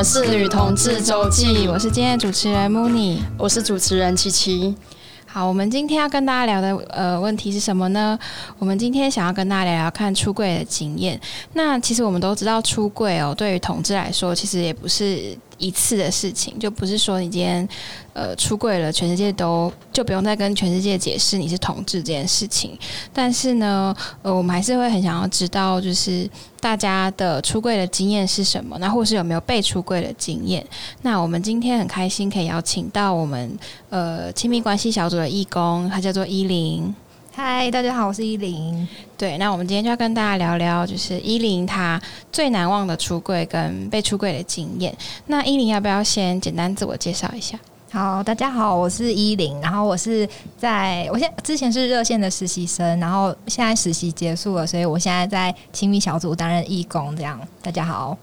我是女同志週記，我是今天的主持人 Muni，我是主持人琪琪。好，我們今天要跟大家聊的呃問題是什麼呢？我們今天想要跟大家聊聊看出櫃的經驗。那其實我們都知道，出櫃哦，對於同志來說，其實也不是一次的事情，就不是說你今天，呃，出櫃了，全世界都就不用再跟全世界解釋你是同志這件事情。但是呢，呃，我們還是會很想要知道，就是大家的出櫃的經驗是什麼，那或是有沒有被出櫃的經驗。那我們今天很開心可以邀請到我們呃親密關係小組的義工，他叫做伊林。嗨，Hi，大家好，我是依琳。對，那我們今天就要跟大家聊聊，就是依琳她最難忘的出櫃跟被出櫃的經驗。那依琳要不要先簡單自我介紹一下？好，大家好，我是依琳，然後我是在我現在之前是熱線的實習生，然後現在實習結束了，所以我現在在親密小組擔任義工。這樣，大家好。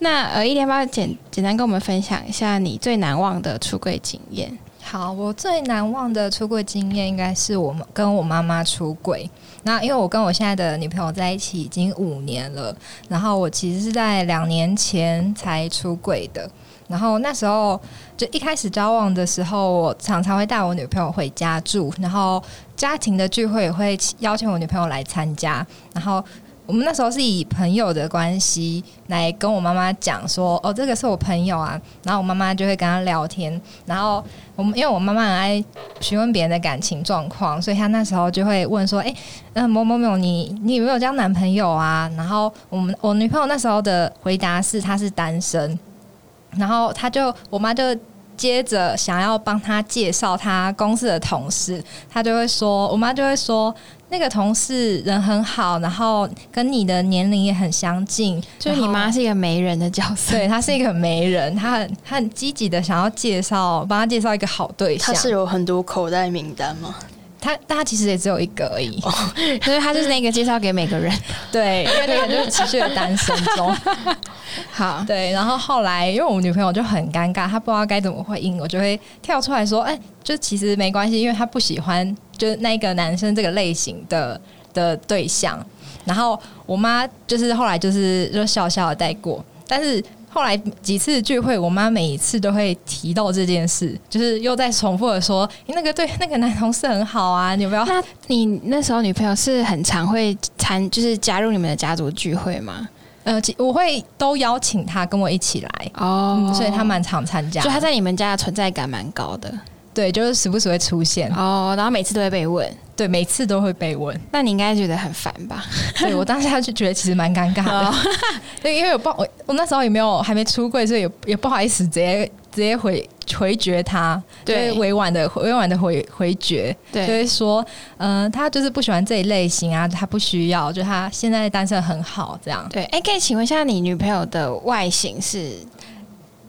那呃，依琳要不要簡簡單跟我們分享一下你最難忘的出櫃經驗？好，我最難忘的出櫃經驗應該是我跟我媽媽出櫃。那因為我跟我現在的女朋友在一起已經五年了，然後我其實是在兩年前才出櫃的。然後那時候就一開始交往的時候，我常常會帶我女朋友回家住，然後家庭的聚會也會邀請我女朋友來參加，然後。我們那時候是以朋友的關係來跟我媽媽講說，哦，這個是我朋友啊，然後我媽媽就會跟她聊天，然後我們因為我媽媽很愛詢問別人的感情狀況，所以她那時候就會問說，哎，嗯某某某你，你你有沒有交男朋友啊？然後我們我女朋友那時候的回答是，她是單身，然後她就我媽就接着想要幫她介紹她公司的同事，她就會說，我媽就會說。那個同事人很好，然後跟你的年齡也很相近。就你媽是一個媒人的角色，對，她是一個媒人，她很她很積極的想要介紹，幫她介紹一個好對象。她是有很多口袋名單嗎？她大家其實也只有一個而已，所以、Oh. 就，就是那個介紹給每個人。 對，因為那個就是持續的單身中。 好，對。然後後來，因為我女朋友就很尷尬，她不知道該怎麼回應，我就會跳出來說：“哎、欸，就其實沒關係，因為她不喜歡。”就是那個男生這個類型的的對象，然後我媽就是後來就是就笑笑的帶過，但是後來幾次聚會，我媽每一次都會提到這件事，就是又在重複的說、欸、那個對那個男同事很好啊，有沒有？那你那時候女朋友是很常會參，就是加入你們的家族聚會嗎？呃，我會都邀請她跟我一起來哦、oh. 嗯，所以她蠻常參加，就他她在你們家的存在感蠻高的。對，就是時不時會出現哦，然後每次都會被問，對，每次都會被問。那你應該覺得很煩吧？對，我當時還是覺得其實蠻尷尬的， 對，因為我，我那時候也沒有還沒出櫃，所以有也不好意思直接直接回回絕他，對委，委婉的委婉的回回絕，對，就是說，呃，他就是不喜歡這一類型啊，他不需要，就他現在單身很好這樣。對，哎、欸，可以請問一下，你女朋友的外形是？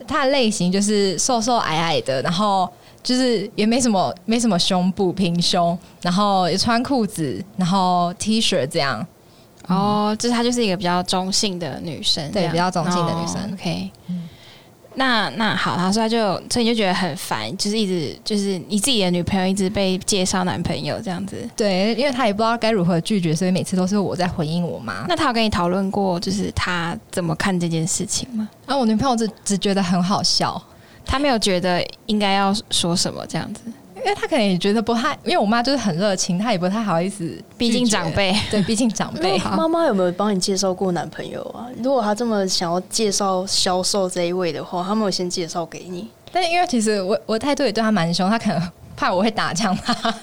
她的類型就是瘦瘦矮矮的，然後。就是也沒什麼，沒什麼胸部、平胸，然後也穿褲子，然後 T 恤這樣。哦，就是她就是一個比較中性的女生，對，比較中性的女生。哦，OK。嗯，那那好，她說他就，所以你就覺得很煩，就是一直就是你自己的女朋友一直被介紹男朋友這樣子。對，因為他也不知道該如何拒絕，所以每次都是我在回應我媽。那他有跟你討論過，就是他怎麼看這件事情嗎？嗯，啊，我女朋友就只，只覺得很好笑。他沒有覺得應該要說什麼這樣子，因為他可能也覺得不太，因為我媽就是很熱情，他也不太好意思，畢竟長輩。對，畢竟長輩好。媽媽有沒有幫你介紹過男朋友啊？如果他這麼想要介紹銷售這一位的話，他沒有先介紹給你。但因為其實我我態度也對他蠻兇，他可能怕我會打槍他。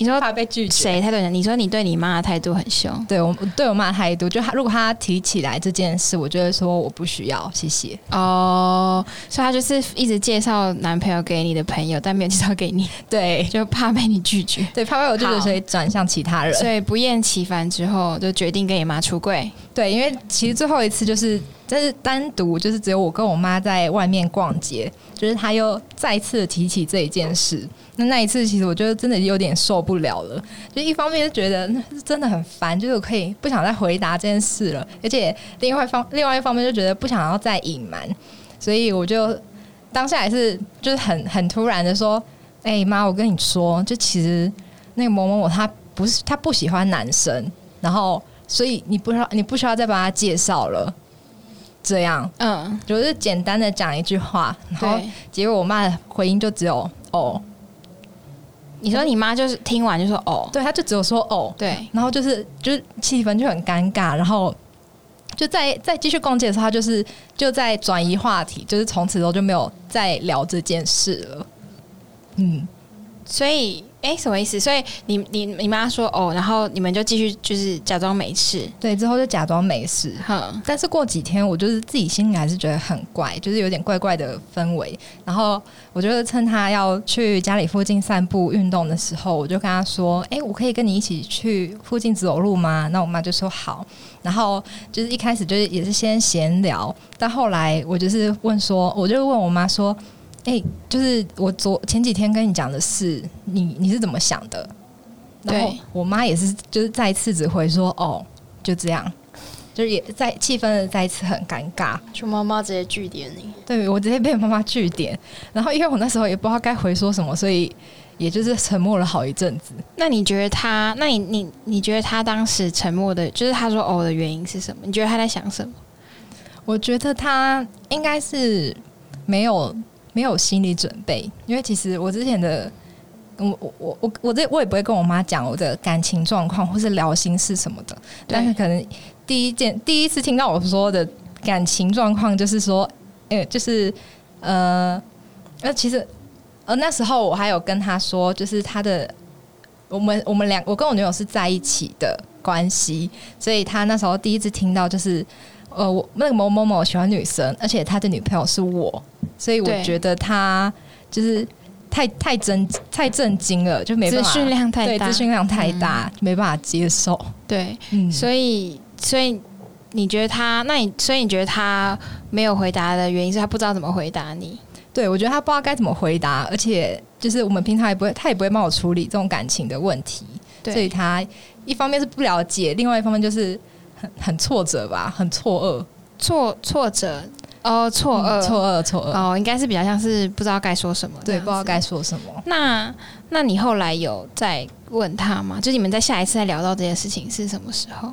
你說怕被拒絕？誰太多人。你說你對你媽的態度很凶，對我對我媽的態度，就她如果她提起來這件事，我覺得說我不需要，謝謝。哦，所以她就是一直介紹男朋友給你的朋友，但沒有介紹給你。對，就怕被你拒絕，對，怕被我拒絕，所以轉向其他人。所以不厭其煩之後，就決定跟你媽出櫃。對，因為其實最後一次就是。但是單獨就是只有我跟我媽在外面逛街，就是他又再次提起這一件事。那那一次，其實我就真的有點受不了了。就一方面是覺得那真的很煩，就是我可以不想再回答這件事了。而且另外方另外一方面就覺得不想要再隱瞞，所以我就當下也是就是很很突然的說：“哎媽，我跟你說，就其實那個某某某他不是他不喜歡男生，然後所以你不需要你不需要再幫他介紹了。”這樣，嗯，就是簡單的講一句話，然後結果我媽的回應就只有“對哦”。你說你媽就是聽完就說“哦”，對，她就只有說“哦”，對，然後就是就是氣氛就很尷尬，然後就在在繼續逛街的時候，她就是就在轉移話題，就是從此之後就沒有再聊這件事了，嗯。所以，哎、欸，什麼意思？所以你你你媽說哦，然後你們就繼續就是假裝沒事，對，之後就假裝沒事哈。嗯、但是過幾天，我就是自己心裡還是覺得很怪，就是有點怪怪的氛圍。然後，我就是趁他要去家裡附近散步運動的時候，我就跟他說：“哎、欸，我可以跟你一起去附近走路嗎？”那我媽就說：“好。”然後就是一開始就是也是先閒聊，但後來我就是問說，我就問我媽說。哎、欸，就是我昨前幾天跟你講的事，你你是怎麼想的？對，我媽也是，就是再一次只回說“哦，就這樣”，就是也在氣氛的再一次很尷尬，就媽媽直接句點你。對，我直接被媽媽句點，然後因為我那時候也不知道該回說什麼，所以也就是沉默了好一陣子。那你覺得他？那你你你覺得他當時沉默的，就是他說“哦”的原因是什麼？你覺得他在想什麼？我覺得他應該是沒有沒有心理準備，因為其實我之前的，我我我我我這我也不會跟我媽講我的感情狀況，或是聊心事什麼的。對但是可能第一件第一次聽到我說的感情狀況，就是說，呃，就是呃，那、呃、其實呃那時候我還有跟她說，就是他的我們我們兩我跟我女友是在一起的關係，所以她那時候第一次聽到就是。呃，我那個某某某喜歡女生，而且他的女朋友是我，所以我覺得他就是太，太真，太震太震驚了，就沒辦法。資訊量太大，資訊量太大，嗯、沒辦法接受。對，嗯、所以所以你覺得他，那你所以你覺得他沒有回答的原因是他不知道怎麼回答你？對，我覺得他不知道該怎麼回答，而且就是我們平常也不會，他也不會幫我處理這種感情的問題，對所以他一方面是不了解，另外一方面就是。很挫折吧，很錯愕，哦，錯愕，嗯，錯愕，挫挫折哦，錯愕，錯愕，錯愕哦，應該是比較像是不知道該說什麼，對，不知道該說什麼。那那你後來有再問他嗎？就你們在下一次再聊到這件事情是什麼時候？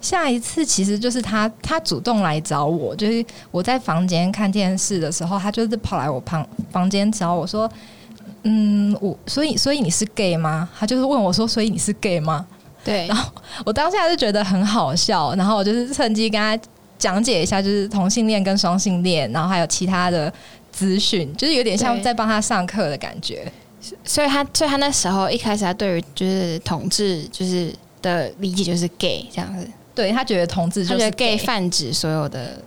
下一次其實就是他，他主動來找我，就是我在房間看電視的時候，他就是跑來我旁房間找我說：“嗯，我所以所以你是 gay 嗎？”他就是問我說：“所以你是 gay 嗎？”對，然後我當下就覺得很好笑，然後我就是趁機跟他講解一下，就是同性戀跟雙性戀，然後還有其他的資訊，就是有點像在幫他上課的感覺。所以他，所以他那時候一開始他對於就是同志就是的理解就是 gay 這樣子，對，他覺得同志就是 gay 泛指，所有的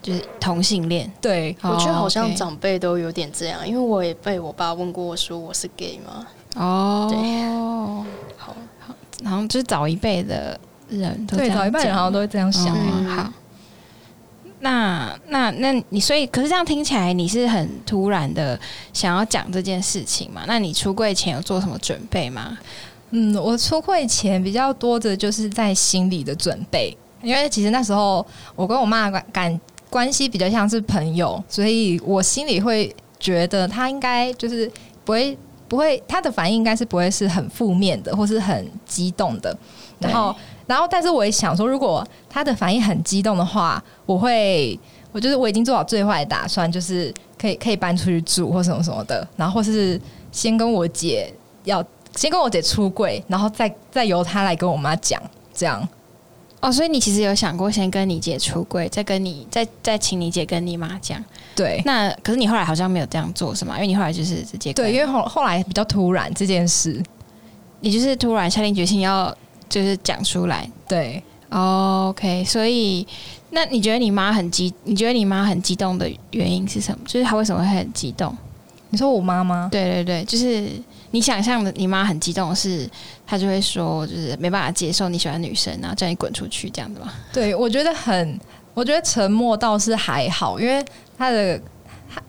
就是同性戀。對，對，oh, 我覺得好像長輩都有點這樣，okay，因為我也被我爸問過我說我是 gay 嗎？哦，對。哦，好。好像就是早一輩的人，對，早一輩人好像都會這樣想。嗯、好，那那那你，所以可是這樣聽起來你是很突然的想要講這件事情嘛？那你出櫃前有做什麼準備嗎？嗯，我出櫃前比較多的就是在心理的準備，因為其實那時候我跟我媽感，關，關係比較像是朋友，所以我心裡會覺得她應該就是不會。不會，他的反應應該是不會是很負面的，或是很激動的。然後，然後，但是我也想說，如果他的反應很激動的話，我會，我就是我已經做好最壞的打算，就是可以可以搬出去住或什麼什麼的，然後或是先跟我姐要，先跟我姐出櫃，然後再再由他來跟我媽講，這樣。哦，所以你其實有想過先跟你姐出櫃，再跟你再再請你姐跟你媽講，對？那可是你後來好像沒有這樣做，是嗎？因為你後來就是直接對，因為後後來比較突然這件事，你就是突然下定決心要就是講出來，對。Oh, okay，所以那你覺得你媽很激？你覺得你媽很激動的原因是什麼？就是她為什麼會很激動？你說我媽嗎？對對對，就是。你想象的，你媽很激動的是，是她就會說，就是沒辦法接受你喜歡女生啊，然後叫你滾出去這樣的嗎？對，我覺得很，我覺得沉默倒是還好，因為他的，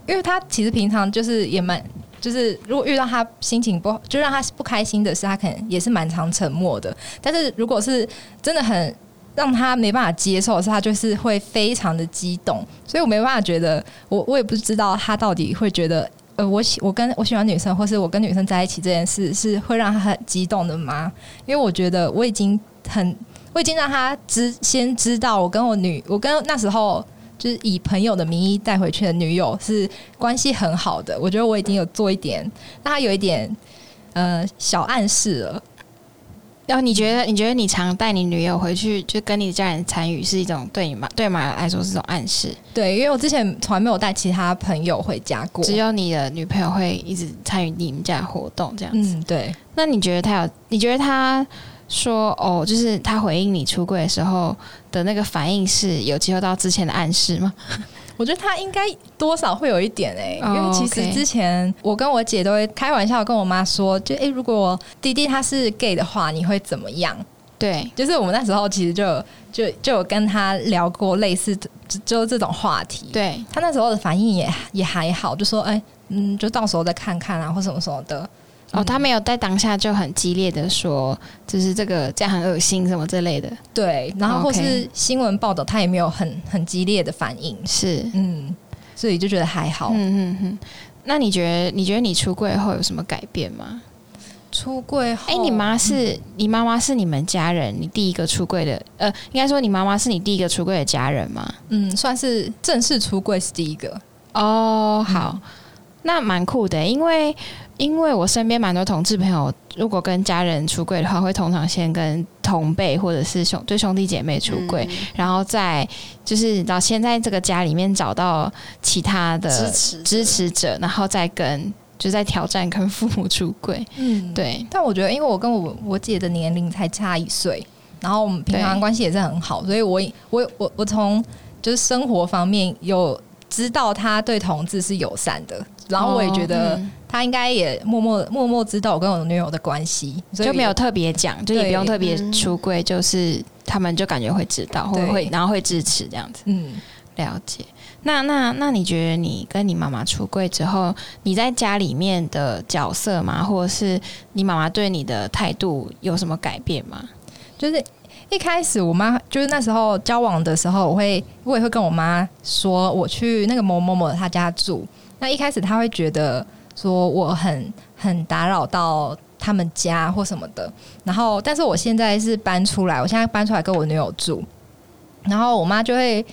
因為他其實平常就是也蠻，就是如果遇到他心情不，就讓他不開心的事，他可能也是蠻常沉默的。但是如果是真的很讓他沒辦法接受的是，是他就是會非常的激動，所以我沒辦法覺得，我我也不知道他到底會覺得。呃，我喜我跟我喜歡女生，或是我跟女生在一起這件事，是會讓他很激動的嗎？因為我覺得我已經很，我已經讓他知先知道，我跟我女，我跟那時候就是以朋友的名義帶回去的女友是關係很好的。我覺得我已經有做一點，讓他有一點呃小暗示了。然後你覺得，你覺得你常帶你女友回去，就跟你家人參與，是一種對你媽對媽來說是一種暗示。嗯。對，因為我之前從來沒有帶其他朋友回家過，只有你的女朋友會一直參與你們家的活動這樣子。嗯，對。那你覺得她有，你覺得她說哦，就是她回應你出櫃的時候的那個反應，是有接受到之前的暗示嗎？我覺得他應該多少會有一點哎、欸，oh, okay. 因為其實之前我跟我姐都會開玩笑跟我媽說，就哎、欸，如果弟弟他是 gay 的話，你會怎麼樣？對，就是我們那時候其實就就就有跟他聊過類似的就，就這種話題。對，他那時候的反應也也還好，就說哎、欸，嗯，就到時候再看看啊，或什麼什麼的。哦，他沒有在當下就很激烈的說，就是這個這樣很噁心什麼之類的。對，然後或是新聞報道，他也沒有很很激烈的反應。是，嗯，所以就覺得還好。嗯嗯嗯。那你覺得你覺得你出櫃後有什麼改變嗎？出櫃後，哎、欸，你媽是，你媽媽是你們家人，你第一個出櫃的，呃，應該說你媽媽是你第一個出櫃的家人嘛？嗯，算是正式出櫃是第一個。哦，好，嗯、那蠻酷的，因為。因為我身邊蠻多同志朋友，如果跟家人出櫃的話，會通常先跟同輩或者是兄對兄弟姐妹出櫃，嗯、然後再就是到先在這個家裡面找到其他的支持支持者，然後再跟就在挑戰跟父母出櫃。嗯，對。但我覺得，因為我跟我我姐的年齡才差一歲，然後我們平常關係也是很好，對，所以我我我我從就是生活方面有知道她對同志是友善的。然後我也覺得他應該也默默默默知道我跟我女友的關係，所以，就沒有特別講，就也不用特別出櫃，就是他們就感覺會知道，對，會會然後會支持這樣子。嗯，了解。那那那，那你覺得你跟你媽媽出櫃之後，你在家裡面的角色嗎？或者是你媽媽對你的態度有什麼改變嗎？就是一開始我媽就是那時候交往的時候，我會我也會跟我媽說我去那個某某某他家住。一開始他會覺得說我很很打擾到他們家或什麼的，然後但是我現在是搬出來，我現在搬出來跟我女友住，然後我媽就會，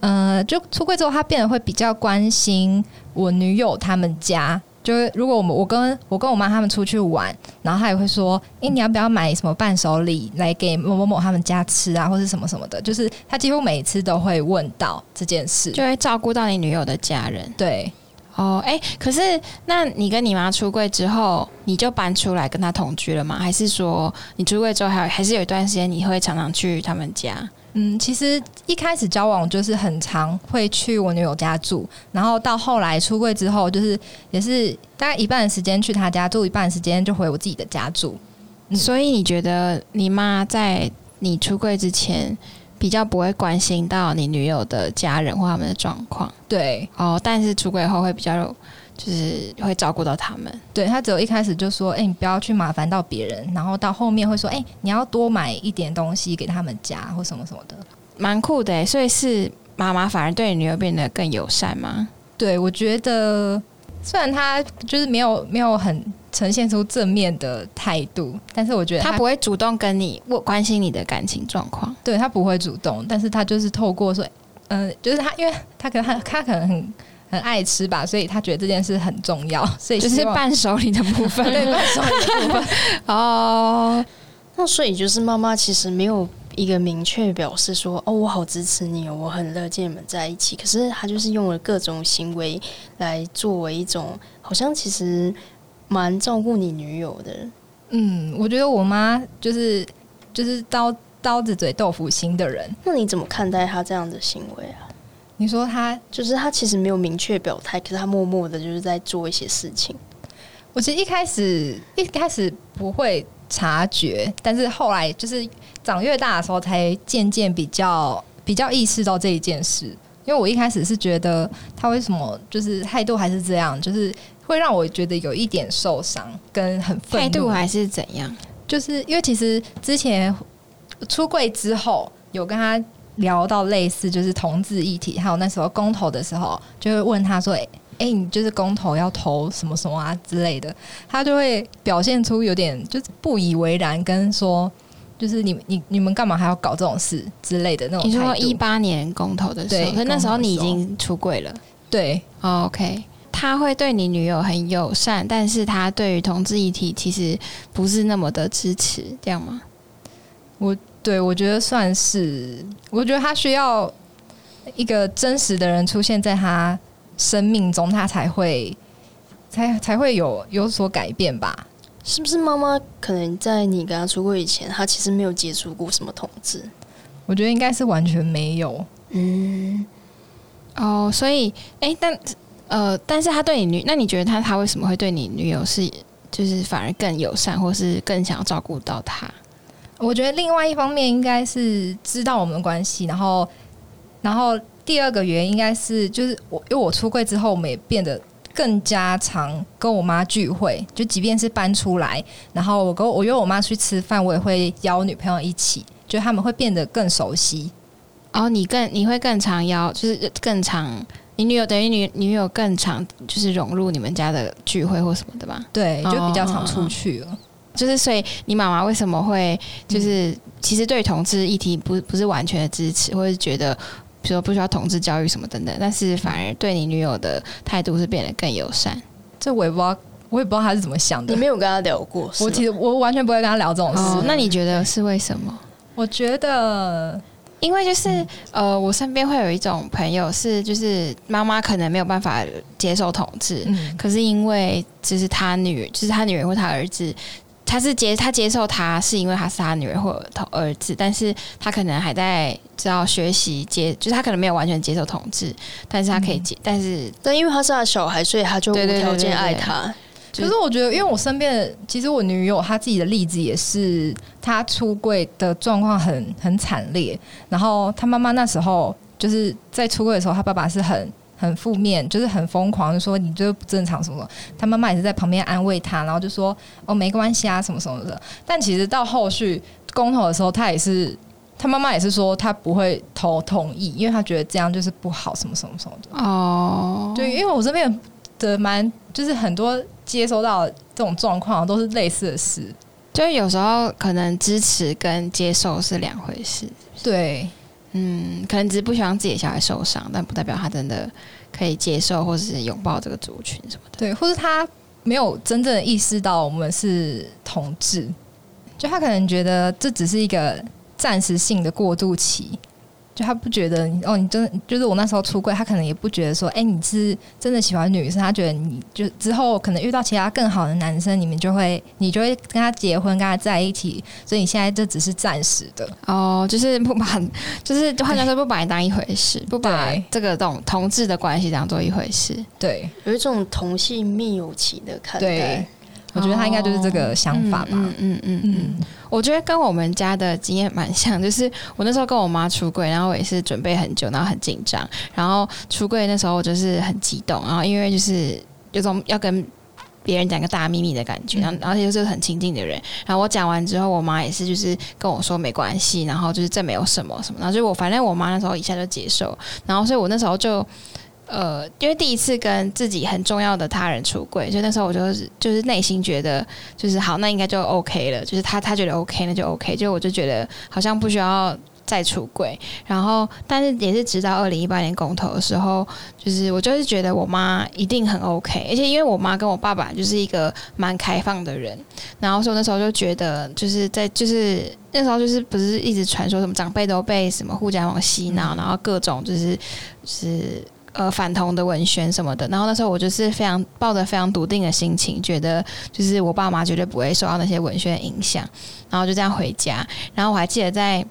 呃，就出櫃之後，她變得會比較關心我女友他們家，就是如果我們我跟，我跟我跟我媽他們出去玩，然後她也會說，哎、欸，你要不要買什麼伴手禮來給某某某他們家吃啊，或是什麼什麼的，就是她幾乎每次都會問到這件事。就會照顧到你女友的家人，對。哦，誒、oh，欸，可是那你跟你媽出櫃之後，你就搬出來跟她同居了嗎？還是說你出櫃之後還有還是有一段時間你會常常去他們家？嗯，其實一開始交往就是很常會去我女友家住，然後到後來出櫃之後，就是也是大概一半的時間去她家住，一半的時間就回我自己的家住。嗯、所以你覺得你媽在你出櫃之前？比較不會關心到你女友的家人或他們的狀況，對哦。但是出櫃以後會比較就是會照顧到他們。對他只有一開始就說：“哎、欸，你不要去麻煩到別人。”然後到後面會說：“哎、欸，你要多買一點東西給他們家或什麼什麼的，蠻酷的。”所以是媽媽反而對你女友變得更友善嗎？對，我覺得。雖然他就是沒有沒有很呈現出正面的態度，但是我覺得他，他不會主動跟你我關心你的感情狀況。對他不會主動，但是他就是透過說，嗯、呃，就是他，因為他可能他他可能很很愛吃吧，所以他覺得這件事很重要，所以就是伴手禮的部分， 對伴手禮的部分。哦， oh, 那所以就是媽媽其實沒有。一個明確表示說：“哦，我好支持你，我很樂見你們在一起。”可是他就是用了各種行為來作為一種，好像其實蠻照顧你女友的。嗯，我覺得我媽就是就是刀刀子嘴豆腐心的人。那你怎麼看待他這樣的行為啊？你說他就是他其實沒有明確表態，可是他默默的就是在做一些事情。我其實一開始一開始不會察覺，但是後來就是長越大的時候，才漸漸比較比較意識到這一件事。因為我一開始是覺得他為什麼就是態度還是這樣，就是會讓我覺得有一點受傷，跟很憤怒態度還是怎樣？就是因為其實之前出櫃之後，有跟他聊到類似就是同志議題，還有那時候公投的時候，就會問他說，說、欸哎、欸，你就是公投要投什麼什麼啊之類的，他就會表現出有點就是不以為然，跟說就是你你你們幹嘛還要搞這種事之類的那種。你說一八年公投的時候，對，那時候你已經出櫃了，對。Oh, OK，他會對你女友很友善，但是他對於同志議題其實不是那麼的支持，這樣嗎？我對我覺得算是，我覺得他需要一個真實的人出現在他。生命中，他才會，才才會有有所改變吧？是不是媽媽可能在你跟他出櫃以前，他其實沒有接觸過什麼同志？我覺得應該是完全沒有。嗯，哦，所以，誒、欸，但呃，但是他對你女，那你覺得他他為什麼會對你女友是就是反而更友善，或是更想要照顧到他？我覺得另外一方面應該是知道我們的關係，然後，然後。第二個原因應該是，就是我因為我出櫃之後，我們也變得更加常跟我媽聚會。就即便是搬出來，然後我跟我約我媽去吃飯，我也會邀女朋友一起，就他們會變得更熟悉。哦，你更你會更常邀，就是更常你女友等於你女友更常就是融入你們家的聚會或什麼的吧？對，就比較常出去了。哦哦哦，就是所以你媽媽為什麼會就是、嗯、其實對同志議題不不是完全的支持，或是覺得？說不需要同志教育什麼等等，但是反而對你女友的態度是變得更友善。這我也不知道，我也不知道他是怎麼想的。你沒有跟他聊過，我其實我完全不會跟他聊這種事。哦、那你覺得是為什麼？對我覺得，因為就是、嗯、呃，我身邊會有一種朋友，是就是媽媽可能沒有辦法接受同志，嗯、可是因為就是他女，就是他女兒或他兒子。他是接，他接受他是因為他是他女兒或兒子，但是他可能還在知道學習接，就是他可能沒有完全接受同志，但是他可以接，嗯、但是但因為他是他小孩，所以他就無條件愛他。就可是我覺得，因為我身邊的，其實我女友她自己的例子也是，她出櫃的狀況很很慘烈，然後她媽媽那時候就是在出櫃的時候，她爸爸是很。很負面，就是很瘋狂，就說你就不正常什麼什麼。他媽媽也是在旁邊安慰他，然後就說哦，沒關係啊，什麼什麼的。但其實到後續公投的時候，他也是他媽媽也是說他不會投同意，因為他覺得這樣就是不好，什麼什麼什麼的。哦，對，因為我這邊的蠻就是很多接收到這種狀況都是類似的事，就是有時候可能支持跟接受是兩回事是不是，對。嗯，可能只是不希望自己小孩受傷，但不代表他真的可以接受或者是擁抱這個族群什麼的。對，或者他沒有真正意識到我們是同志，就他可能覺得這只是一個暫時性的過渡期。就他不覺得哦，你真的就是我那時候出櫃，他可能也不覺得說，哎、欸，你是真的喜歡女生，他覺得你就之後可能遇到其他更好的男生，你們就會你就會跟他結婚，跟他在一起，所以你現在這只是暫時的哦，就是不把，就是換句話說，不把你當一回事，對不把這個這種同志的關係當做一回事，對，有一種同性密友情的看待。對我覺得他應該就是這個想法吧。嗯嗯嗯，嗯，嗯我覺得跟我們家的經驗蠻像，就是我那時候跟我媽出櫃，然後我也是準備很久，然後很緊張，然後出櫃那時候我就是很激動，然後因為就是有種要跟別人講個大秘密的感覺，然後而且又是很親近的人，然後我講完之後，我媽也是就是跟我說沒關係，然後就是這沒有什麼什麼，然後就我反正我媽那時候一下就接受，然後所以我那時候就。呃，因為第一次跟自己很重要的他人出櫃，所以那時候我就是就是內心覺得就是好，那應該就 OK 了，就是他他覺得 OK，那就 OK。就我就覺得好像不需要再出櫃。然後，但是也是直到二零一八年公投的時候，就是我就是覺得我媽一定很 OK，而且因為我媽跟我爸爸就是一個蠻開放的人，然後說那時候就覺得就是在就是那時候就是不是一直傳說什麼長輩都被什麼護家盟洗腦，嗯、然後各種就是、就是。呃，反同的文宣什麼的，然後那時候我就是非常抱着非常篤定的心情，覺得就是我爸媽絕對不會受到那些文宣的影響，然後就這樣回家。然後我還記得在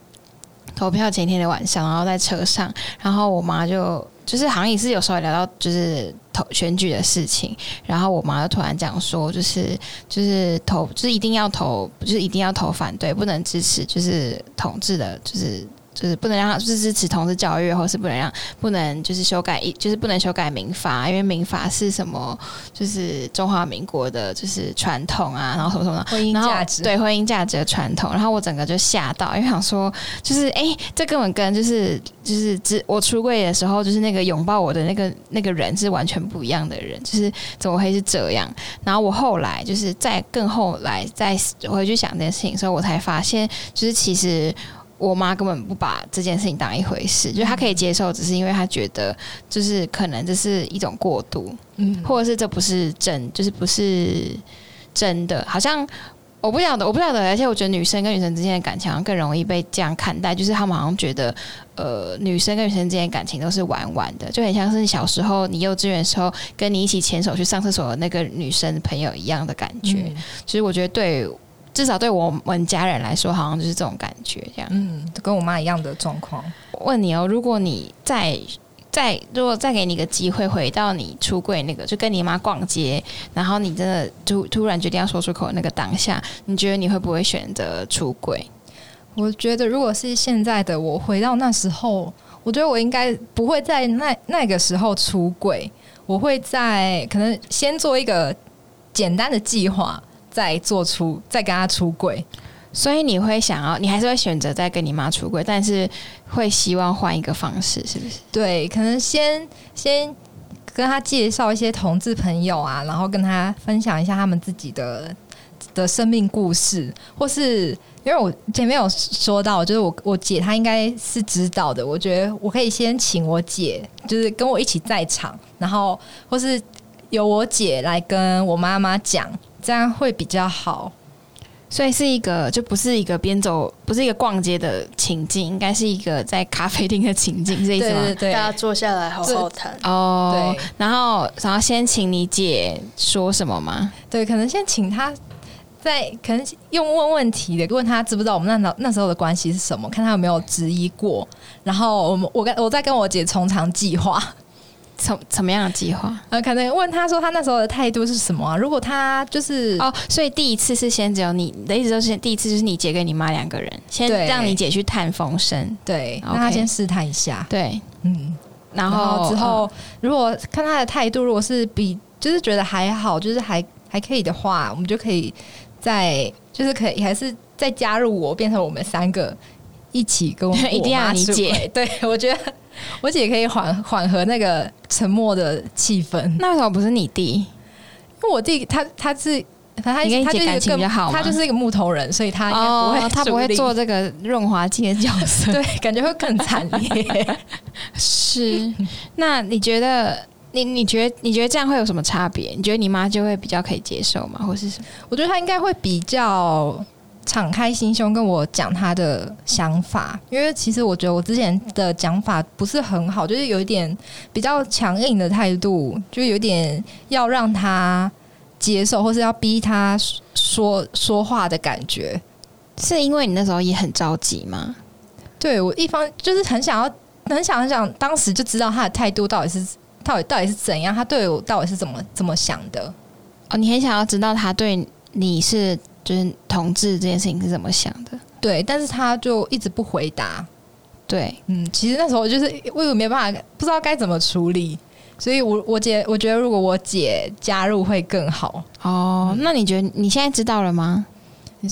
投票前一天的晚上，然後在車上，然後我媽就就是好像也是有時候聊到就是投選舉的事情，然後我媽就突然講說，就是，就是就是投就是一定要投，就是一定要投反對，不能支持就是同志的，就是。就是不能讓他就是支持同志教育，或是不能讓不能就是修改一就是不能修改民法，因為民法是什麼？就是中華民國的，就是傳統啊，然後什麼什麼，什麼婚姻價值對婚姻價值的傳統。然後我整個就嚇到，因為想說就是哎、欸，這根本跟就是就是只我出櫃的時候，就是那個擁抱我的那個那個人是完全不一樣的人，就是怎麼會是這樣？然後我後來就是再更後來再回去想這件事情，所以我才發現，就是其實。我媽根本不把這件事情當一回事，就她可以接受，只是因為她覺得就是可能這是一種過渡，嗯，或者是這不是真，就是不是真的。好像我不曉得，我不曉得，而且我覺得女生跟女生之間的感情好像更容易被這樣看待，就是他們好像覺得呃，女生跟女生之間感情都是玩玩的，就很像是你小時候你幼稚園時候跟你一起牽手去上廁所的那個女生朋友一樣的感覺。其實、嗯、我覺得對。至少對我們家人來說，好像就是這種感覺，這樣，嗯，跟我媽一樣的狀況。問你哦，如果你再再如果再給你個機會，回到你出櫃那個，就跟你媽逛街，然後你真的突突然決定要說出口那個當下，你覺得你會不會選擇出櫃？我覺得，如果是現在的我，回到那時候，我覺得我應該不會在那那個時候出櫃，我會在可能先做一個簡單的計劃。再做出，再跟他出櫃，所以你會想要，你還是會選擇再跟你媽出櫃，但是會希望換一個方式，是不是？對，可能先先跟他介紹一些同志朋友啊，然後跟他分享一下他們自己的的生命故事，或是因為我前面有說到，就是我我姐她應該是知道的，我覺得我可以先請我姐就是跟我一起在場，然後或是由我姐來跟我媽媽講。這樣會比較好，所以是一個就不是一個邊走，不是一個逛街的情境，應該是一個在咖啡廳的情境，這樣嗎？對對對，大家坐下來好好談哦。對然後，想要先請你姐說什麼嗎？對，可能先請她在可能用問問題的問她知不知道我們那那時候的關係是什麼，看她有沒有質疑過。然後我們我跟我再跟我姐從長計劃什怎麼樣的計劃？呃，可能問他說他那時候的態度是什麼？啊？如果他就是哦，oh, 所以第一次是先只有你，你的意思就是第一次就是你姐跟你媽兩個人對先讓你姐去探風聲，對，讓 Okay. 他先試探一下，對，嗯，然後，然後之後，嗯、如果看他的態度，如果是比就是覺得還好，就是還還可以的話，我們就可以再就是可以還是再加入我，變成我們三個一起跟我一定要你姐對我覺得。我姐可以緩緩和那個沉默的氣氛。嗯、那為什麼不是你弟？因為我弟他他是他他就是一個他就是一個木頭人，所以他應該不會、哦、他不會做這個潤滑劑的角色。 對，感覺會更慘烈。 是，那你覺得你你覺得你覺得這樣會有什麼差別？你覺得你媽就會比較可以接受嗎，或是什麼？我覺得她應該會比較。敞開心胸跟我講他的想法，因為其實我覺得我之前的講法不是很好，就是有一點比較強硬的態度，就有點要讓他接受，或是要逼他說說話的感覺。是因為你那時候也很着急嗎？對，我一方就是很想要，很想很想，當時就知道他的態度到底是到底到底是怎樣，他對我到底是怎麼怎麼想的。哦，你很想要知道他對你是。就是同志這件事情是怎麼想的？對，但是他就一直不回答。對，嗯，其實那時候我就是我也沒辦法，不知道該怎麼處理，所以我，我我姐我覺得如果我姐加入會更好。哦，那你覺得你現在知道了嗎？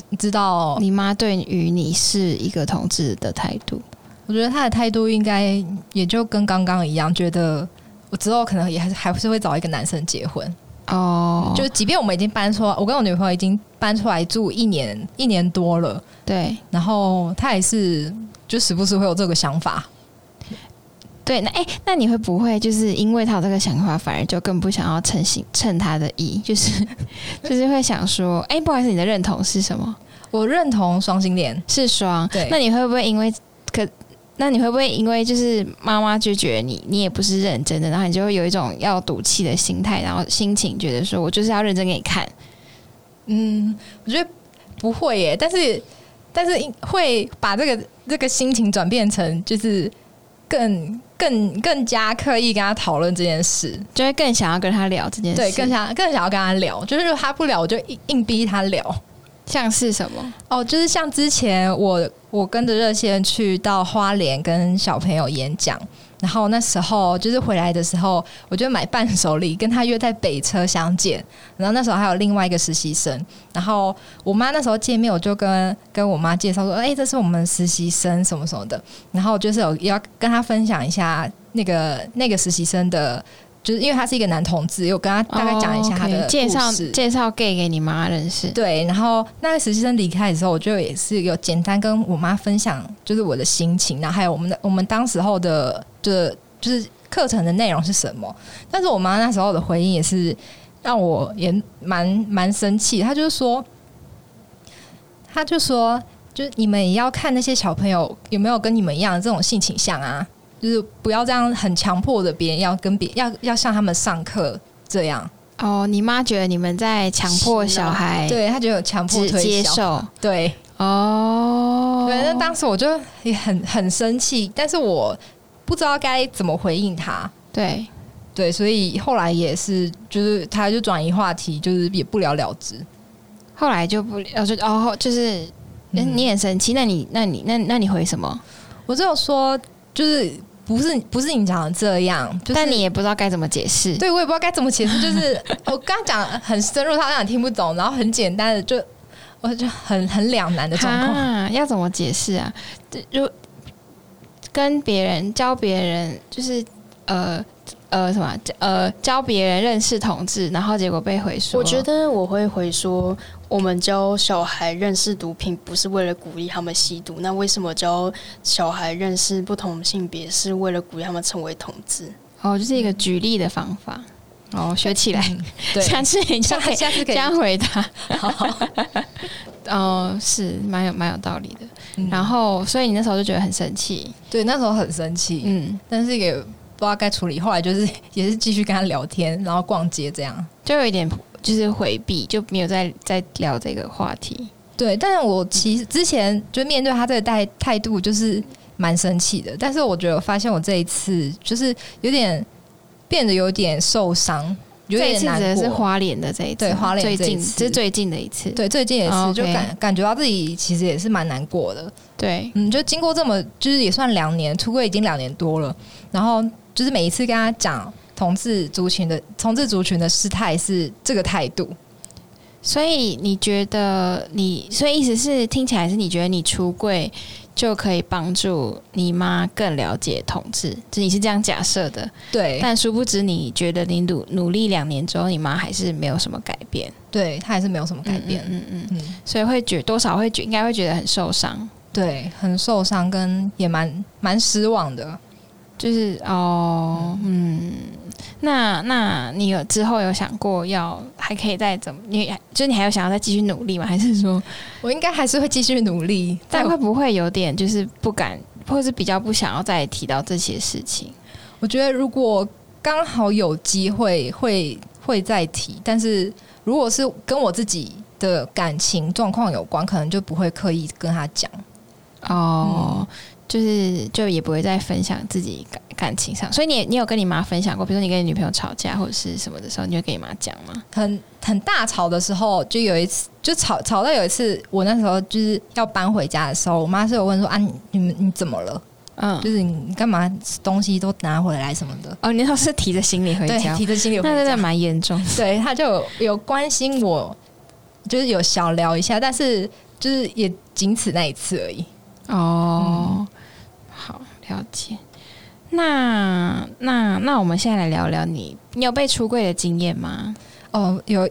你知道你媽對於你是一個同志的態度？我覺得她的態度應該也就跟剛剛一樣，覺得我之後可能也還還是會找一個男生結婚。哦，oh, 就即便我們已經搬出來，我跟我女朋友已經搬出來住一年一年多了，對，然後她也是就時不時會有這個想法。對，那哎、欸，那你會不會就是因為她有這個想法，反而就更不想要稱心稱她的意？就是就是會想說，哎、欸，不好意思，你的認同是什麼？我認同雙性戀是雙雙，對，那你會不會因為可？那你會不會因為就是媽媽就覺得你你也不是認真的，然後你就會有一種要賭氣的心態，然後心情覺得說我就是要認真給你看。嗯，我覺得不會耶，但是但是會把這個這個心情轉變成就是更更更加刻意跟他討論這件事，就會更想要跟他聊這件事，對，更想更想要跟他聊，就是他不聊我就硬硬逼他聊。像是什麼？哦，就是像之前我我跟着熱線去到花蓮跟小朋友演講，然後那時候就是回來的時候，我就買伴手禮跟他約在北車相見。然後那時候還有另外一個實習生，然後我媽那時候見面，我就跟跟我媽介紹說：“欸，這是我們實習生什麼什麼的。”然後就是有要跟他分享一下那個那個實習生的。就是因為他是一個男同志，我跟他大概講一下他的故事。oh, okay. 介紹介紹 gay 給你媽認識。對，然後那個實習生離開的時候，我就也是有簡單跟我媽分享，就是我的心情，然後還有我們的我們當時候的的就，就是課程的內容是什麼。但是我媽那時候的回應也是讓我也蠻蠻生氣的，她就是說，她就說，就是你們也要看那些小朋友有沒有跟你們一樣的這種性傾向啊。就是不要這樣很強迫著別人要跟別人，要像他們上課這樣哦。Oh, 你媽覺得你們在強迫小孩？對，她就有強迫推接受，對哦。反正、oh. 當時我就也很很生氣，但是我不知道該怎麼回應她。對對，所以後來也是，就是她就轉移話題，就是也不了了之。後來就不，就、哦、後就是，哎、嗯欸，你也生氣？那你那你那你那你回什麼？我只有說就是。不是不是你講的這樣，就是，但你也不知道該怎麼解釋。對，我也不知道該怎麼解釋。就是 我剛講很深入，他講聽不懂，然後很簡單的就我就很很兩難的狀況，要怎麼解釋啊？就，就跟別人、教別人，就是呃。呃，什麼？呃，教別人認識同志，然後結果被回說。我覺得我會回說，我們教小孩認識毒品，不是為了鼓勵他們吸毒。那為什麼教小孩認識不同性別，是為了鼓勵他們成為同志？哦，就是一個舉例的方法。哦，學起來。嗯，對，下次下可下次可以這樣回答。好好哦，是，蠻有，蠻有道理的。嗯，然後，所以你那時候就覺得很生氣。對，那時候很生氣。嗯，但是也。我該處理，後來就是也是繼續跟他聊天，然後逛街，這樣就有一點就是回避，就沒有再再聊這個話題。對，但是我其實之前就面對他這個態態度就是蠻生氣的。但是我覺得我發現我這一次就是有點變得有點受傷，有一點難過，這一次是花蓮的這一次，對，花蓮最近這，就是最近的一次，對，最近也是就感 Okay. 感覺到自己其實也是蠻難過的。對，嗯，就經過這麼就是也算兩年，出櫃已經兩年多了，然後，就是每一次跟他講同志族群的同志族群的事態是這個態度，所以你覺得你所以意思是聽起來是你覺得你出櫃就可以幫助你媽更了解同志，就你是這樣假設的，對。但殊不知你覺得你努努力兩年之後，你媽還是沒有什麼改變，對她還是沒有什麼改變，嗯,嗯嗯嗯，嗯所以會覺得多少會覺得應該會覺得很受傷，對，很受傷，跟也蠻蠻失望的。就是哦，嗯，那那你有之後有想過要還可以再怎麼？你就是你還有想要再繼續努力嗎？還是說我應該還是會繼續努力，但會不會有點就是不敢，或是比較不想要再提到這些事情？我覺得如果剛好有機會會會再提，但是如果是跟我自己的感情狀況有關，可能就不會刻意跟他講哦。嗯。就是就也不會再分享自己感感情上，所以你你有跟你媽分享過，比如說你跟你女朋友吵架或者是什麼的時候，你會跟你媽講嗎？很很大吵的時候，就有一次就吵吵到有一次，我那時候就是要搬回家的時候，我媽是有問說啊你，你你們你怎麼了？嗯，就是你幹嘛東西都拿回來什麼的？哦，你都是提着行李回家，提着行李回家， 那那蠻嚴重。 對，她就有關心我，就是有小聊一下，但是就是也僅此那一次而已。哦。嗯了解，那那那，那我們現在來聊聊你，你有被出櫃的經驗嗎？哦，有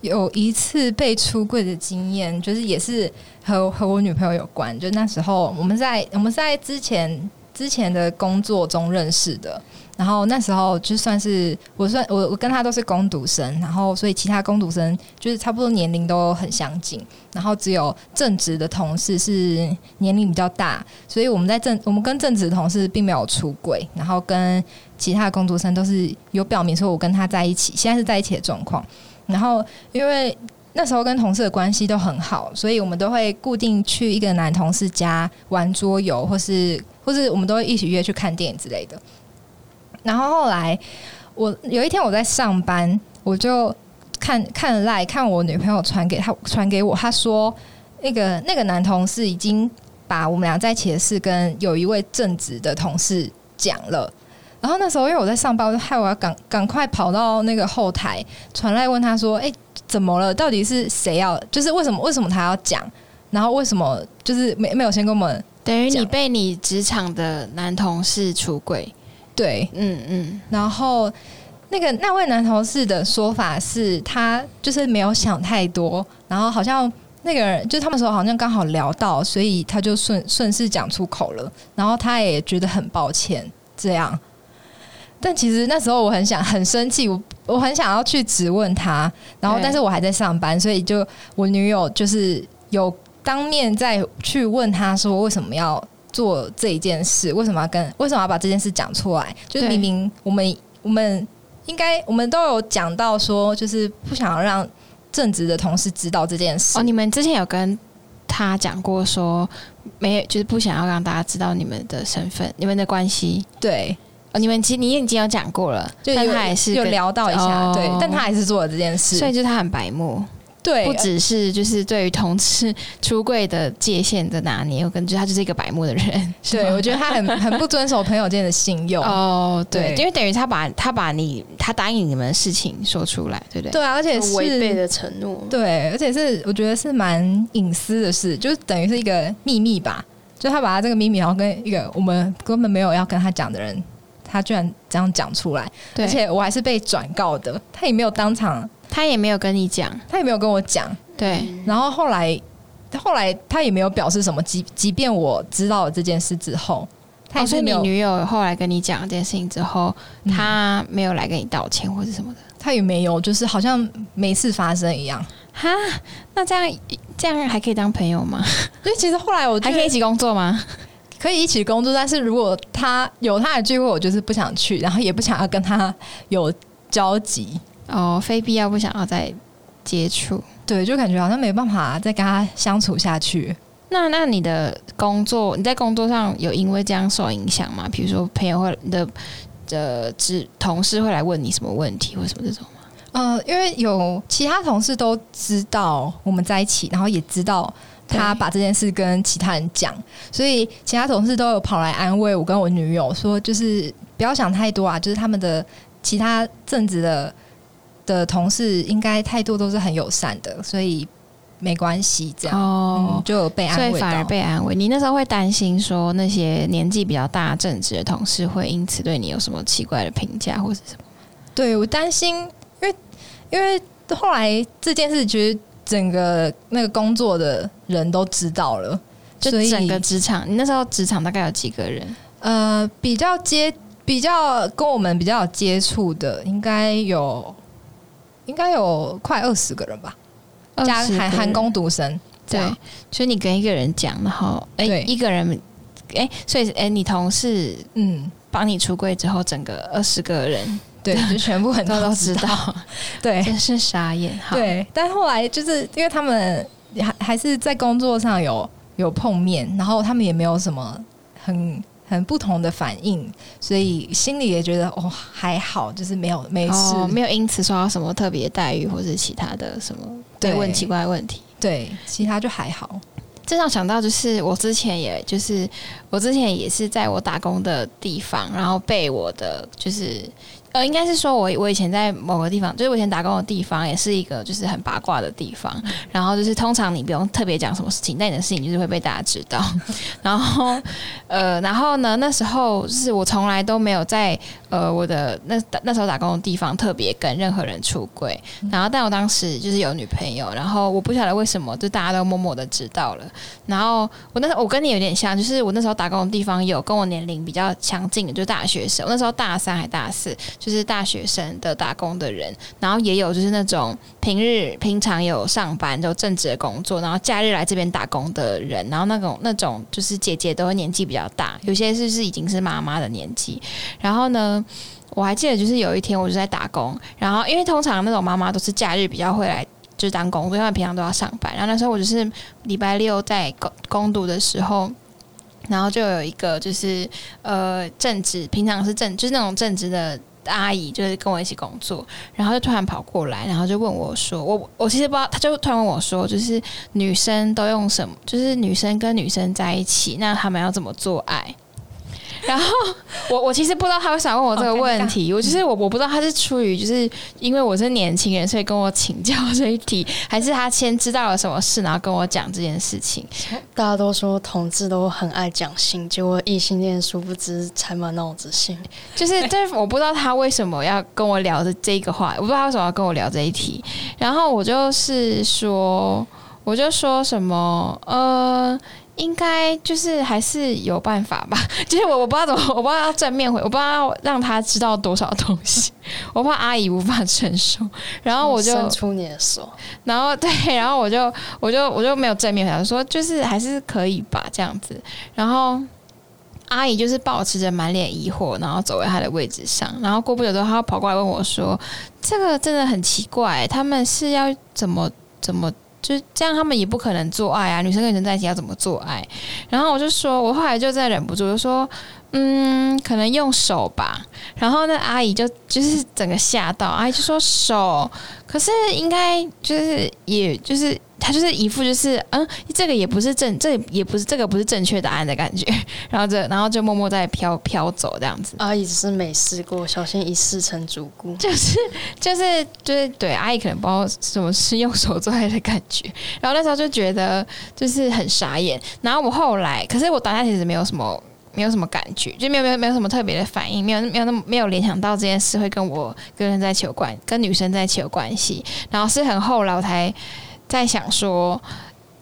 有一次被出櫃的經驗，就是也是和和我女朋友有關，就那時候我們在我們在之前之前的工作中認識的。然後那時候就算是我算我我跟他都是工讀生，然後所以其他工讀生就是差不多年齡都很相近，然後只有正職的同事是年齡比較大，所以我們在正我們跟正職的同事並沒有出櫃，然後跟其他的工讀生都是有表明說我跟他在一起，現在是在一起的狀況。然後因為那時候跟同事的關係都很好，所以我們都會固定去一個男同事家玩桌遊，或是或是我們都會一起約去看電影之類的。然後後來，我有一天我在上班，我就看看賴看我女朋友傳給他傳給我，他說那個那個男同事已經把我們倆在一起的事跟有一位正直的同事講了。然後那時候因為我在上班，我就害我要趕趕快跑到那個後台傳來問他說：“哎、欸，怎麼了？到底是誰要？就是為什麼為什麼他要講？然後為什麼就是沒沒有先跟我們講。等於你被你職場的男同事出軌。”對，嗯嗯，然後那個那位男同事的說法是，他就是沒有想太多，然後好像那個人就他們的時候好像剛好聊到，所以他就順順勢講出口了，然後他也覺得很抱歉，這樣。但其實那時候我很想很生氣，我我很想要去質問他，然後但是我還在上班，所以就我女友就是有當面再去問他說為什麼要。做這一件事，為什麼要跟？為什麼要把這件事講出來？對就是明明我們我們應該，我們都有講到說，就是不想要讓正直的同事知道這件事。哦，你們之前有跟他講過說，沒有，就是不想要讓大家知道你們的身份、你們的關係。對，哦，你們其實你已經有講過了，就有但他還是有聊到一下，哦、對，但他還是做了這件事，所以就是他很白目。對，不只是就是對於同事出櫃的界限在哪裡。我感覺他就是一個白目的人。是對，我覺得他很很不遵守朋友間的信用。 哦，對，對因為等於他把他把你他答應你們的事情說出來，對不對？對啊，而且違背的承諾，對，而且是我覺得是蠻隱私的事，就是等於是一個秘密吧。就他把他這個秘密，然後跟一個我們根本沒有要跟他講的人，他居然這樣講出來，對而且我還是被轉告的，他也沒有當場。他也沒有跟你講，他也沒有跟我講，對。然後後來，後來他也沒有表示什麼。即即便我知道了這件事之後，他也是你女友後來跟你講這件事情之後，嗯、他沒有來跟你道歉或者什麼的，他也沒有，就是好像沒事發生一樣。哈，那這樣這樣還可以當朋友嗎？所以其實後來我還可以一起工作嗎？可以一起工作，但是如果他有他的聚會，我就是不想去，然後也不想要跟他有交集。哦，非必要不想要再接觸，對，就感覺好像沒辦法再跟他相處下去。那那你的工作，你在工作上有因為這樣受影響嗎？比如說，朋友或的的、呃、同事會來問你什麼問題或什麼這種嗎？嗯、呃，因為有其他同事都知道我們在一起，然後也知道他把這件事跟其他人講，對所以其他同事都有跑來安慰我跟我女友說，就是不要想太多啊，就是他們的其他正直的。的同事應該態度都是很友善的，所以沒關係。這樣哦、oh, 嗯，就有被安慰，反而被安慰。你那時候會擔心說，那些年紀比較大、正直的同事會因此對你有什麼奇怪的評價，或者什麼？對，我擔心，因為因為後來這件事，其實整個那個工作的人都知道了，就整個職場。所以，你那時候職場大概有幾個人？呃，比較接，比較跟我們比較有接觸的，應該有。應該有快二十個人吧，加韓韓工讀生這樣，所以你跟一個人講，然後哎一個人哎、欸，所以哎、欸、你同事嗯幫你出櫃之後，整個二十個人對，就，對，就全部人都都知道， 知道對，真是傻眼，對，但後來就是因為他們還還是在工作上有有碰面，然後他們也沒有什麼很。很不同的反應，所以心裡也覺得哦，還好，就是沒有沒事、哦，沒有因此受到什麼特別待遇，或者是其他的什麼對問奇怪問題，對其他就還好。這讓我想到，就是我之前也，也就是我之前也是在我打工的地方，然後被我的就是。嗯呃，應該是說我，我我以前在某個地方，就是我以前打工的地方，也是一個就是很八卦的地方。然後就是通常你不用特別講什麼事情，但你的事情就是會被大家知道。 然後，呃，然後呢，那時候就是我從來都沒有在呃我的那那時候打工的地方特別跟任何人出櫃。然後，但我當時就是有女朋友，然後我不曉得為什麼，就大家都默默的知道了。然後我那時我跟你有點像，就是我那時候打工的地方有跟我年齡比較相近的，就是大學生。我那時候大三還大四。就是大學生的打工的人，然後也有就是那種平日平常有上班就正職的工作，然後假日來這邊打工的人，然後那種那種就是姐姐都會年紀比較大，有些是是已經是媽媽的年紀。然後呢，我還記得就是有一天我就在打工，然後因為通常那種媽媽都是假日比較會來就是當工作，因為平常都要上班。然後那時候我就是禮拜六在工工讀的時候，然後就有一個就是呃正職，平常是正就是那種正職的。阿姨，就是跟我一起工作，然後就突然跑過來，然後就問我說，我我其實不知道，她就突然問我說：“就是女生都用什麼？就是女生跟女生在一起，那他們要怎麼做愛？”然後我我其實不知道他為啥問我這個問題，oh, 我其實，我我不知道他是出於就是因為我是年輕人，所以跟我請教這一題，還是他先知道了什麼事，然後跟我講這件事情。大家都說同志都很愛講性，結果異性戀殊不知才滿腦子性。就是對，但是我不知道他為什麼要跟我聊的這個話，我不知道他為什麼要跟我聊這一題。然後我就是說，我就說什麼，呃。應該就是還是有辦法吧，就是我我不知道怎麼，我不知道要正面回，我不知道讓他知道多少東西， 我怕阿姨無法承受，然後我就、嗯、然後對，然後我就我就我就，我就沒有正面回答，答，說就是還是可以吧這樣子，然後阿姨就是保持着滿臉疑惑，然後走回他的位置上，然後過不久之後，他跑過來問我說：“這個真的很奇怪，他們是要怎麼怎麼？”就這樣，他們也不可能做愛啊！女生跟女生在一起要怎麼做愛？然後我就說，我後來就再忍不住，就說。嗯，可能用手吧。然後呢，阿姨就就是整個嚇到，阿姨就說手，可是應該就是也就是她就是一副就是嗯，這個也不是正，這個、也不是這個不是正確答案的感覺。然後這然後就默默在飄飄走這樣子。阿姨只是沒試過，小心一試成主顧，就是。就是就是就是對，阿姨可能不知道什麼是用手做愛的感覺。然後那時候就覺得就是很傻眼。然後我後來，可是我當下其實沒有什麼。沒有什麼感覺，就沒有沒有沒有什麼特別的反應，沒有沒有那麼沒有聯想到這件事會跟我跟人在一起有關，跟女生在一起有關係。然後是很後來我才在想說，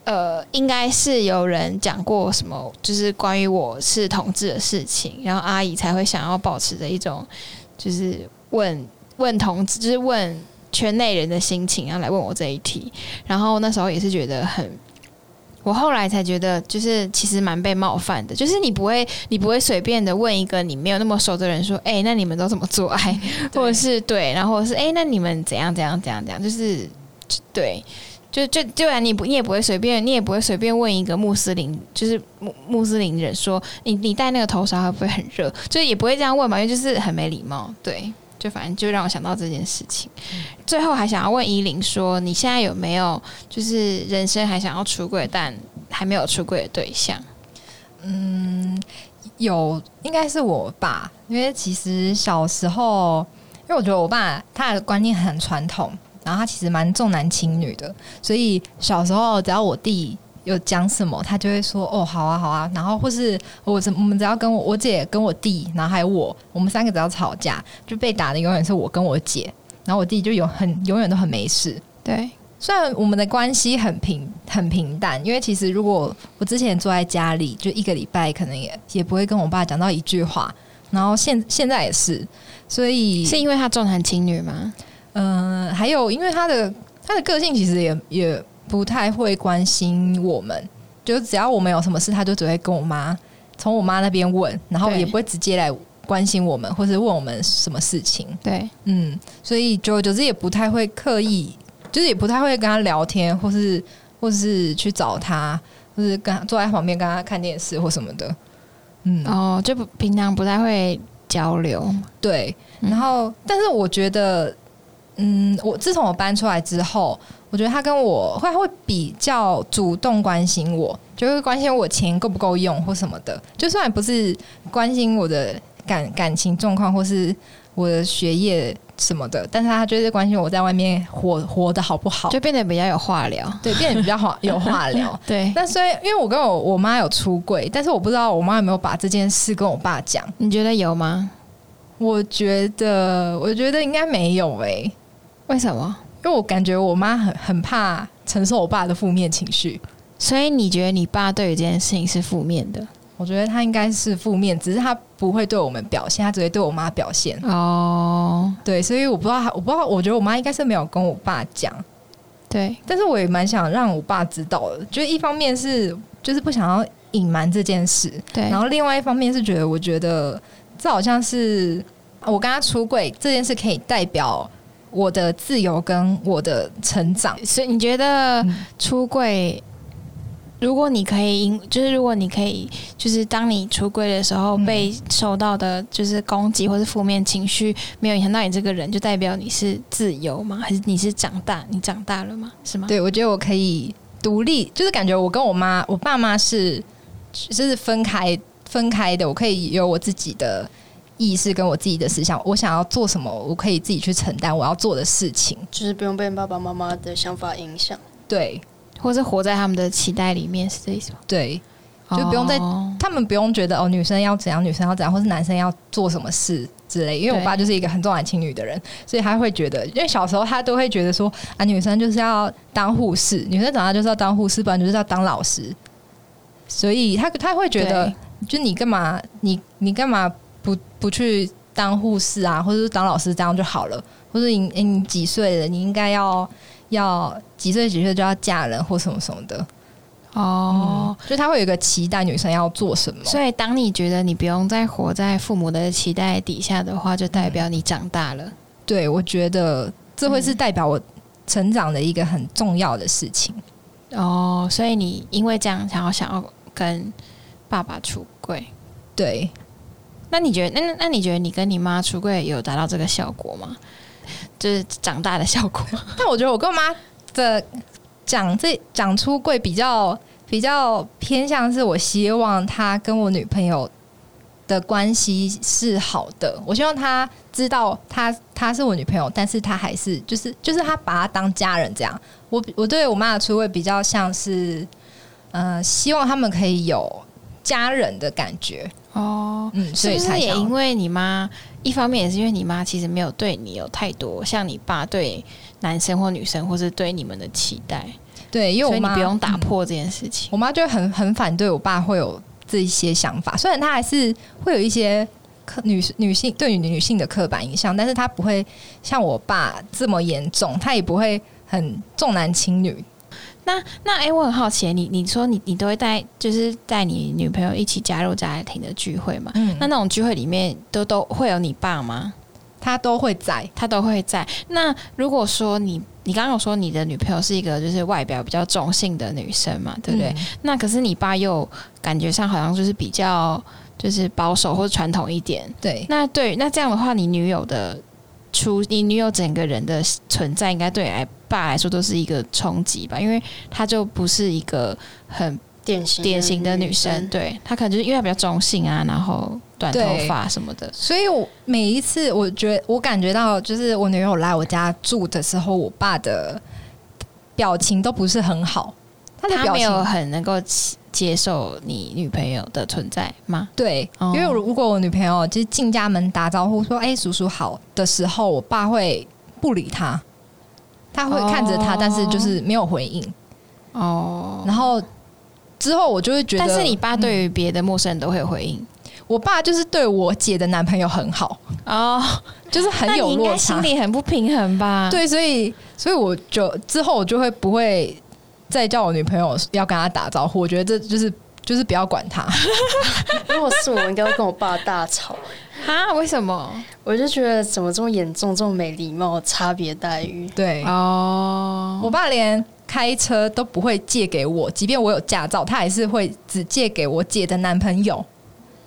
呃，應該是有人講過什麼，就是關於我是同志的事情，然後阿姨才會想要保持着一種就是問問同志，就是問圈內人的心情，然後來問我這一題。然後那時候也是覺得很。我後來才覺得，就是其實蠻被冒犯的。就是你不會，你不會隨便的問一個你沒有那麼熟的人說：“哎，那你們都怎麼做愛？”對或者是對，然後是“哎，那你們怎樣怎樣怎樣怎樣？”就是對，就就就，然你不你也不會隨便，你也不會隨便問一個穆斯林，就是穆穆斯林人說：“你你戴那個頭紗會不會很熱？”就也不會這樣問嘛，因為就是很沒禮貌。對。就反正就讓我想到這件事情。嗯，最後還想要問依林說，你現在有沒有就是人生還想要出軌，但還沒有出軌的對象？嗯，有，應該是我爸，因為其實小時候，因為我覺得我爸他的觀念很傳統，然後他其實蠻重男輕女的，所以小時候只要我弟。有講什麼，他就會說哦，好啊，好啊。然後或是我，我們只要跟我我姐跟我弟，然後還有我，我們三個只要吵架，就被打的永遠是我跟我姐，然後我弟就有很永遠都很沒事。對，雖然我們的關係很平很平淡，因為其實如果我之前住在家裡，就一個禮拜可能也也不會跟我爸講到一句話，然後現現在也是，所以是因為他重男輕女嗎？嗯、呃，還有因為他的他的個性其實也也。不太會關心我們，就只要我們有什麼事，他就只會跟我媽，從我媽那邊問，然後也不會直接來關心我們或是問我們什麼事情。對，嗯，所以就就是也不太會刻意，就是也不太會跟他聊天，或是或是去找他，或是跟他坐在旁邊跟他看電視或什麼的。嗯，哦，就不平常不太會交流。對，然後、嗯、但是我覺得，嗯，我自從我搬出來之後。我覺得他跟我會會比較主動關心我，就會、是、關心我錢夠不夠用或什麼的，就算不是關心我的感感情狀況或是我的學業什麼的，但是他就是關心我在外面活活得好不好，就變得比較有話聊。對，變得比較好，有話聊。對，但所以因為我跟我我媽有出櫃，但是我不知道我媽有沒有把這件事跟我爸講。你覺得有嗎？我覺得，我覺得應該沒有誒、欸。為什麼？就我感覺我媽很很怕承受我爸的負面情緒，所以，你覺得你爸對於這件事情是負面的？我覺得他應該是負面，只是他不會對我們表現，他只會對我媽表現。哦，oh。對，所以我不知道，我不知道，我覺得我媽應該是沒有跟我爸講。對，但是我也蠻想讓我爸知道的，就是一方面是就是不想要隱瞞這件事，對，然後另外一方面是覺得我覺得這好像是我跟他出櫃這件事可以代表。我的自由跟我的成長。所以你覺得出櫃？嗯、如果你可以，就是如果你可以，就是當你出櫃的時候被受到的，就是攻擊或是負面情緒，沒有影響到你這個人，就代表你是自由嗎？還是你是長大？你長大了嗎？是嗎？對，我覺得我可以獨立，就是感覺我跟我媽、我爸媽是，就是分開、分開的。我可以有我自己的，意識跟我自己的思想，我想要做什麼，我可以自己去承擔我要做的事情，就是不用被爸爸媽媽的想法影響，對，或是活在他們的期待裡面，是這意思嗎？對，就不用再、哦、他們不用覺得哦，女生要怎樣，女生要怎樣，或是男生要做什麼事之類。因為我爸就是一個很重男輕女的人，所以他會覺得，因為小時候他都會覺得說啊，女生就是要當護士，女生長大就是要當護士，不然就是要當老師，所以他他會覺得，對就你幹嘛？你你幹嘛？不去當護士啊，或者是當老師這樣就好了。或者你、欸、你幾歲了？你應該要要幾歲幾歲就要嫁人，或什麼什麼的。哦、oh, 嗯，所以他會有個期待，女生要做什麼。所以，當你覺得你不用再活在父母的期待底下的話，就代表你長大了。嗯、對，我覺得這會是代表我成長的一個很重要的事情。哦，oh, 所以你因為這樣，想要想要跟爸爸出櫃？對。那你覺得，那那你覺得，你跟你媽出櫃有達到這個效果嗎？就是長大的效果嗎？ 那我覺得我跟我媽的講，這講出櫃比較比較偏向，是我希望他跟我女朋友的關係是好的，我希望他知道她她是我女朋友，但是她還是就是就是她把他當家人這樣。我我對我媽的出櫃比較像是，嗯、呃，希望他們可以有。家人的感覺哦，嗯，所以才想，是不是也因為你媽一方面也是因為你媽其實沒有對你有太多像你爸對男生或女生或是對你們的期待，對，因為我媽不用打破這件事情，嗯，我媽就很很反對我爸會有這些想法，雖然他還是會有一些刻女女性對女，女性的刻板印象，但是他不會像我爸這麼嚴重，他也不會很重男輕女。那那誒、欸，我很好奇，你你說你你都會帶，就是帶你女朋友一起加入家庭的聚會嘛？嗯，那那種聚會裡面都，都都會有你爸嗎？他都會在，他都會在，他都會在。那如果說你你剛剛有說你的女朋友是一個就是外表比較中性的女生嘛，對不對？嗯，那可是你爸又感覺上好像就是比較就是保守或者傳統一點，對。那對，那這樣的話，你女友的。出你女友整個人的存在，應該對爸來說都是一個衝擊吧，因為她就不是一個很典型典型的女生，對，她可能就是因為他比較中性啊，然後短頭髮什麼的，所以我每一次我覺得我感覺到，就是我女友來我家住的時候，我爸的表情都不是很好，他的表情，她沒有很能夠。接受你女朋友的存在嗎？對，oh. 因為如果我女朋友就是進家門打招呼說“哎、欸，叔叔好”的時候，我爸會不理他，他會看着他，oh. 但是就是沒有回應。哦，oh. 然後之後我就會覺得，但是你爸對於別的陌生人都會有回應、嗯。我爸就是對我姐的男朋友很好啊，oh. 就是很有， 應該心裡很不平衡吧？對，所以所以我就之後我就會不會。再叫我女朋友要跟他打招呼，我覺得這就是就是不要管他，因 為 是我應該會跟我爸大吵啊。為什麼？我就覺得怎麼這麼嚴重，這麼沒禮貌，差別待遇。對哦，我爸連開車都不會借給我，即便我有駕照，他還是會只借給我姐的男朋友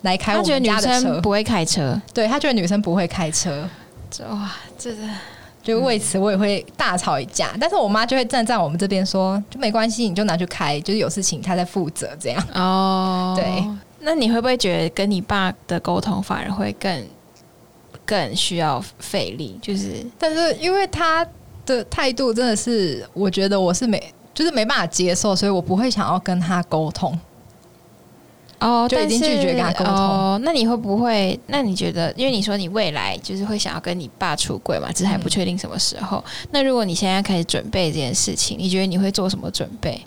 來開我們家的車。他覺得女生不會開車，對，他覺得女生不會開車，開車哇，這。就為此我也會大吵一架，嗯、但是我媽就會站在我們這邊說，就沒關係，你就拿去開，就是有事情她在負責這樣。哦，對，那你會不會覺得跟你爸的溝通反而會更更需要費力？就是、嗯，但是因為他的態度真的是，我覺得我是沒就是沒辦法接受，所以我不會想要跟他溝通。哦，oh, 就已經拒絕跟他溝通。Oh, 那你會不會？那你覺得？因為你說你未來就是會想要跟你爸出櫃嘛？只是還不確定什麼時候。嗯。那如果你現在開始準備這件事情，你覺得你會做什麼準備？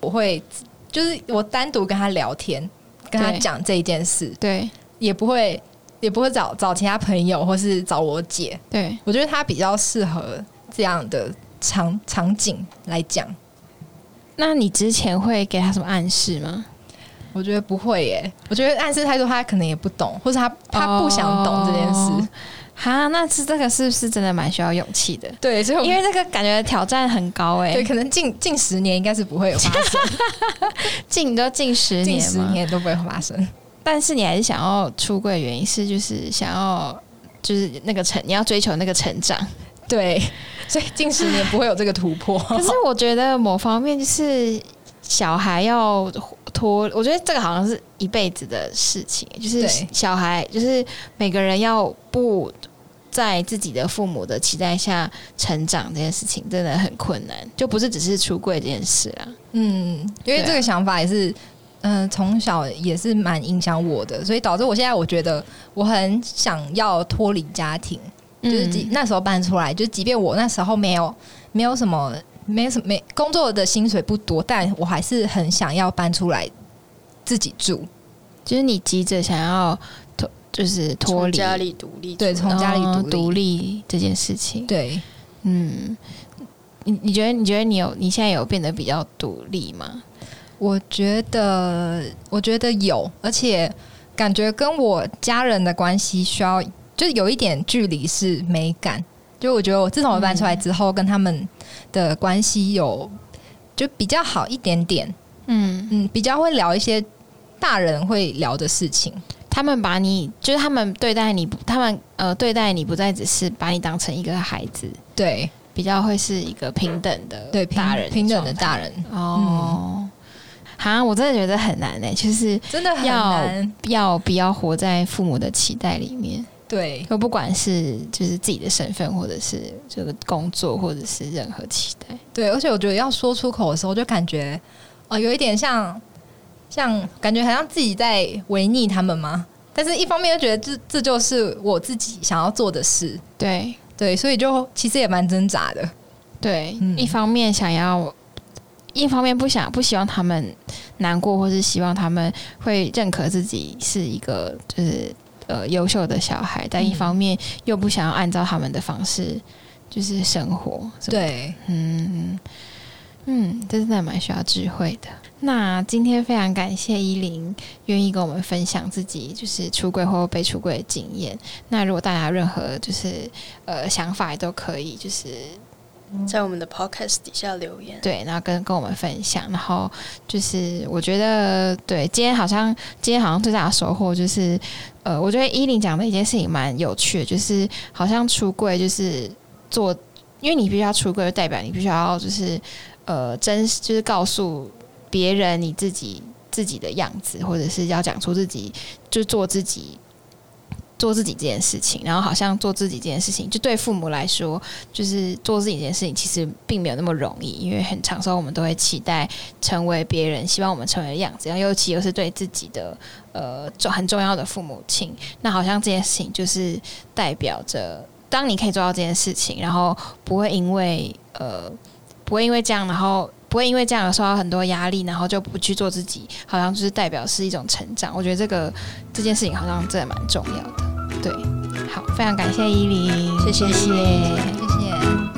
我會就是我單獨跟他聊天，跟他講這一件事。對，也，也不會也不會找找其他朋友，或是找我姐。對，我覺得他比較適合這樣的場場景來講。那你之前會給他什麼暗示嗎？我覺得不會耶，我覺得暗示太多，他可能也不懂，或者他他不想懂這件事啊、oh.。那是這個是不是真的蠻需要勇氣的？對，因為這個感覺挑戰很高誒。對，可能近近十年應該是不會有發生， 近都近十年，近十年都不會發生。但是你還是想要出櫃的原因是，就是想要就是那個成你要追求那個成長，對，所以近十年不會有這個突破。可 是我覺得某方面就是小孩要。脫，我覺得這個好像是一輩子的事情，就是小孩，就是每個人要不在自己的父母的期待下成長這件事情，真的很困難，就不是只是出櫃這件事啊。嗯，因為這個想法也是，嗯、啊，呃、從小也是蠻影響我的，所以導致我現在我覺得我很想要脫離家庭，就是、嗯、那時候搬出來，就是、即便我那時候沒有沒有什麼。沒什沒工作的薪水不多，但我還是很想要搬出來自己住。就是你急着想要脫，就是脫離家裡獨立，立，對、哦，從家裡獨立這件事情，對，嗯。你你覺得你覺得你有你現在有變得比較獨立嗎？我覺得我覺得有，而且感覺跟我家人的關係需要就是有一點距離是美感。就我覺得我自從我搬出來之後，跟他們、嗯。的關係有就比較好一點點，嗯嗯，比較會聊一些大人會聊的事情。他們把你，就是他們對待你，他們呃對待你不再只是把你當成一個孩子，對，比較會是一個平等的對大人對，平，平等的大人。哦、嗯、哈，我真的覺得很難誒，就是真的很難要。要不要活在父母的期待裡面。對，就不管是就是自己的身份，或者是這個工作，或者是任何期待，對，而且我覺得要說出口的時候，就感覺哦、呃，有一點像，像感覺好像自己在違逆他們嗎？但是一方面又覺得這這就是我自己想要做的事，對對，所以就其實也蠻掙扎的，對，嗯、一方面想要，一方面不想，不希望他們難過，或是希望他們會認可自己是一個就是。呃，優秀的小孩，但一方面又不想要按照他們的方式就是生活，對，嗯嗯，這真的蠻需要智慧的。那今天非常感謝依林願意跟我們分享自己就是出櫃或被出櫃的經驗。那如果大家任何就是呃想法也都可以，就是。在我們的 podcast 底下留言、嗯，對，然後跟跟我們分享，然後就是我覺得，對，今天好像今天好像最大的收穫就是，呃，我覺得依琳講的一件事情蠻有趣就是好像出櫃就是做，因為你必須要出櫃，就代表你必須要就是呃，真實，就是告訴別人你自己自己的樣子，或者是要講出自己，就做自己。做自己這件事情，然後好像做自己這件事情，就對父母來說，就是做自己這件事情，其實並沒有那麼容易，因為很長時候我們都會期待成為別人，希望我們成為的樣子，然後尤其又是對自己的呃很重要的父母親，那好像這件事情就是代表着，當你可以做到這件事情，然後不會因為呃不會因為這樣，然後。不會因為這樣而受到很多壓力，然後就不去做自己，好像就是代表是一種成長。我覺得這個這件事情好像真的蠻重要的。對，好，非常感謝依琳，謝謝，謝謝。